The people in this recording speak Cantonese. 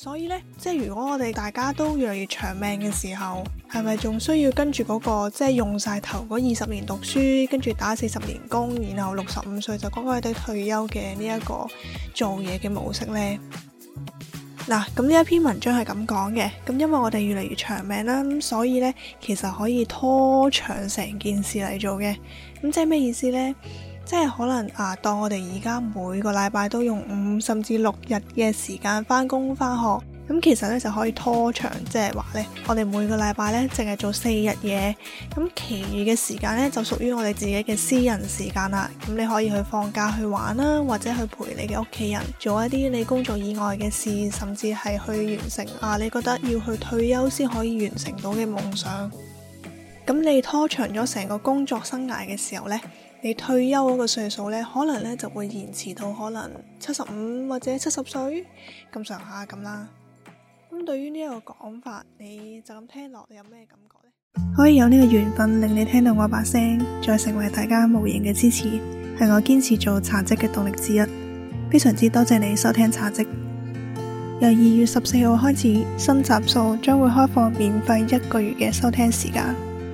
所以呢，即係如果我哋大家都越嚟越長命嘅時候，係咪仲需要跟住嗰個即係用晒頭嗰二十年讀書，跟住打四十年工，然後六十五歲就乖乖地退休嘅呢一個做嘢嘅模式呢？嗱，咁呢一篇文章係咁講嘅，咁因為我哋越嚟越長命啦，咁所以呢，其實可以拖長成件事嚟做嘅，咁即係咩意思呢？即係可能啊，當我哋而家每個禮拜都用五甚至六日嘅時間翻工翻學，咁其實呢就可以拖長，即係話呢，我哋每個禮拜呢淨係做四日嘢，咁其餘嘅時間呢就屬於我哋自己嘅私人時間啦。咁你可以去放假去玩啦，或者去陪你嘅屋企人，做一啲你工作以外嘅事，甚至係去完成啊你覺得要去退休先可以完成到嘅夢想。咁你拖長咗成個工作生涯嘅時候呢，你退休嗰個歲數呢，可能呢就會延遲到可能七十五或者七十歲咁上下咁啦。咁對於呢一個講法，你就咁聽落有咩感覺呢？可以有呢個緣分令你聽到我把聲，再成為大家無形嘅支持，係我堅持做茶嘖嘅動力之一。非常之多謝你收聽茶嘖。由二月十四號開始，新集數將會開放免費一個月嘅收聽時間。